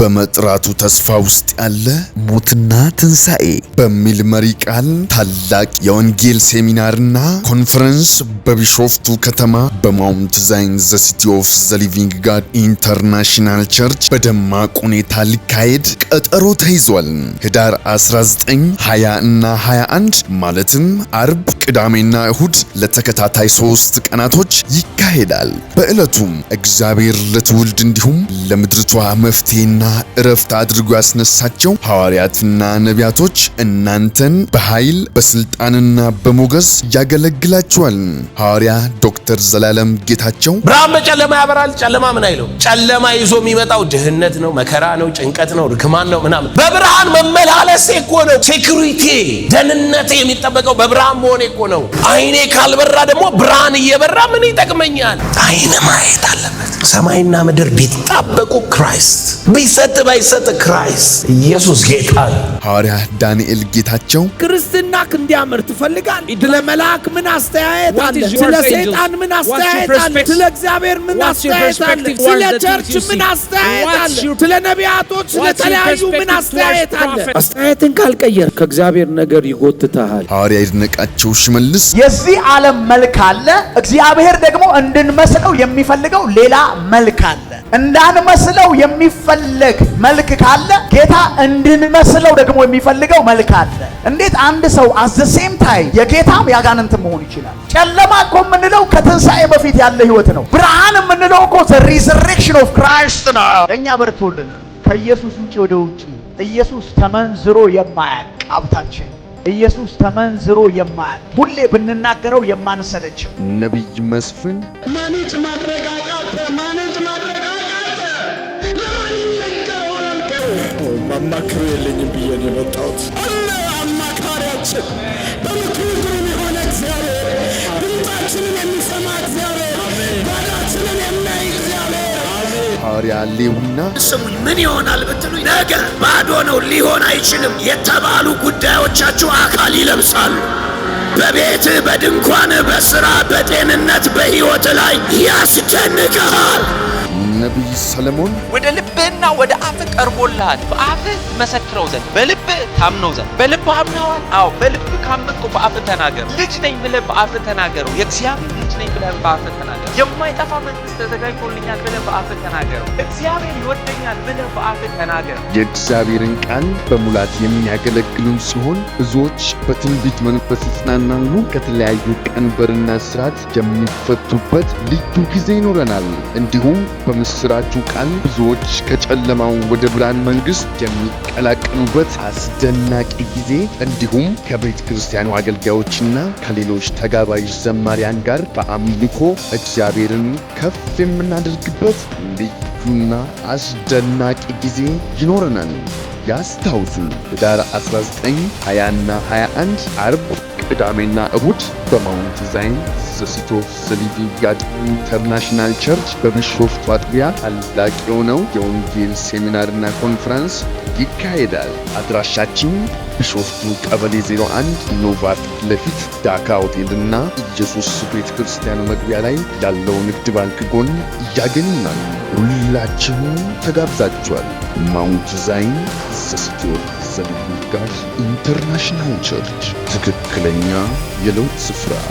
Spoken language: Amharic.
በመጥራቱ ተስፋ ውስጥ ያለ ሞትና ትንሣኤ በሚል መሪ ቃል ታላቅ የወንጌል ሴሚናርና ኮንፈረንስ በቢሾፍቱ ከተማ በማውንት ዛይን ዘ ሲቲ ኦፍ ዘ ሊቪንግ ጋድ ኢንተርናሽናል ቸርች በደማቅ ሁኔታ ሊካሄድ ቀጠሮ ተይዟል። ህዳር 19፣ 20 እና 21 ማለትም አርብ፣ ቅዳሜና እሁድ ለተከታታይ ሶስት ቀናቶች ይካሄዳል። በዕለቱም እግዚአብሔር ለትውልድ እንዲሁም ለምድርቷ መፍትሄና እረፍት አድርጎ ያስነሳቸው ሐዋርያትና ነቢያቶች እናንተን በኃይል በስልጣንና በሞገስ ያገለግላችኋል። Rádia Dr. ዶክተር ዘላለም ጌታቸው ብርሃን በጨለማ ያበራል። ጨለማ ምን አይለው? ጨለማ ይዞ የሚመጣው ድህነት ነው፣ መከራ ነው፣ ጭንቀት ነው፣ ርክማን ነው ምናምን። በብርሃን መመላለስ እኮ ነው ሴኩሪቲ፣ ደህንነት የሚጠበቀው በብርሃን መሆን እኮ ነው። አይኔ ካልበራ ደግሞ ብርሃን እየበራ ምን ይጠቅመኛል? አይን ማየት አለበት። ሰማይና ምድር ቢጣበቁ ክራይስት ቢሰጥ ባይሰጥ ክራይስት ኢየሱስ ጌታ ሐዋርያ ዳንኤል ጌታቸው ክርስትና እንዲያምር ትፈልጋል። ድለ መልአክ ምን አስተያየት አለ ስለ ሰይጣን ምን አስተያየት አለ? ስለ እግዚአብሔር ምን አስተያየት አለ? ስለ ቸርች ምን አስተያየት አለ? ስለ ነቢያቶች፣ ስለ ተለያዩ ምን አስተያየት አለ? አስተያየትን ካልቀየር ከእግዚአብሔር ነገር ይጎትታሃል። ሐዋርያ ይድነቃቸው ሽመልስ የዚህ ዓለም መልክ አለ፣ እግዚአብሔር ደግሞ እንድንመስለው የሚፈልገው ሌላ መልክ አለ። እንዳንመስለው የሚፈለግ መልክ ካለ ጌታ እንድንመስለው ደግሞ የሚፈልገው መልክ አለ። እንዴት አንድ ሰው አዘ ሴም ታይም የጌታም ያጋንንትም መሆን ይችላል? ጨለማ እኮ የምንለው ከትንሣኤ በፊት ያለ ህይወት ነው። ብርሃን የምንለው እኮ ዘ ሪዘሬክሽን ኦፍ ክራይስት ነው። ለእኛ በርቶልን ከኢየሱስ ውጭ ወደ ውጭ ኢየሱስ ተመንዝሮ የማያቅ ሀብታችን ኢየሱስ ተመንዝሮ የማያቅ ሁሌ ብንናገረው የማንሰለችው ነቢይ መስፍን ማኔጅ ማድረግ አማካሪ የለኝም ብዬ ነው የመጣሁት አለ አማካሪያችን በምክሩ ግሩም የሆነ እግዚአብሔር፣ ድምፃችንን የሚሰማ እግዚአብሔር፣ ባዳችንን የሚያይ እግዚአብሔር ሐዋርያ ሌዊና ስሙኝ፣ ምን ይሆናል ብትሉ ነገ ባዶ ነው ሊሆን አይችልም የተባሉ ጉዳዮቻችሁ አካል ይለብሳሉ። በቤት በድንኳን በስራ በጤንነት በሕይወት ላይ ያስደንቅሃል። ነቢይ ሰለሞን ወደ ልብ ክርስትና ወደ አፍ ቀርቦልሃል። በአፍ መሰክረው ዘንድ በልብ ታምነው ዘንድ በልብ አምነዋል። አዎ በልብ ካመንኩ በአፍ ተናገሩ። ልጅ ነኝ ብለህ በአፍ ተናገረው። የእግዚአብሔር ልጅ ነኝ ብለህ በአፍ ተናገረው። የማይጠፋ መንግስት ተዘጋጅቶልኛል ብለህ በአፍህ ተናገረው። እግዚአብሔር ይወደኛል ብለህ በአፍህ ተናገረው። የእግዚአብሔርን ቃል በሙላት የሚያገለግሉን ሲሆን ብዙዎች በትንቢት መንፈስ ይጽናናሉ። ከተለያዩ ቀንበርና ስርዓት የሚፈቱበት ልዩ ጊዜ ይኖረናል። እንዲሁም በምስራቹ ቃል ብዙዎች ከጨለማው ወደ ብርሃን መንግስት የሚቀላቀሉበት አስደናቂ ጊዜ እንዲሁም ከቤተ ክርስቲያኑ አገልጋዮችና ከሌሎች ተጋባዥ ዘማሪያን ጋር በአምልኮ እግዚአብሔር እግዚአብሔርን ከፍ የምናደርግበት ልዩና አስደናቂ ጊዜ ይኖረናል። ያስታውሱ ኅዳር 19፣ 20ና 21 አርብ፣ ቅዳሜና እሁድ በማውንት ዛይን ዘሲቲ ኦፍ ጋድ ኢንተርናሽናል ቸርች በቢሾፍቱ አጥቢያ ታላቅ የሆነው የወንጌል ሴሚናርና ኮንፈረንስ ይካሄዳል። አድራሻችን ቢሾፍቱ ቀበሌ 01 ኖቫ ፊት ለፊት ዳካ ሆቴልና ኢየሱስ ቤተ ክርስቲያን መግቢያ ላይ ያለው ንግድ ባንክ ጎን ያገኙናል። ሁላችሁ ተጋብዛችኋል። ማውንት ዛይን ዘስቲዮር ዘልዩ ጋር ኢንተርናሽናል ቸርች ትክክለኛ የለውጥ ስፍራ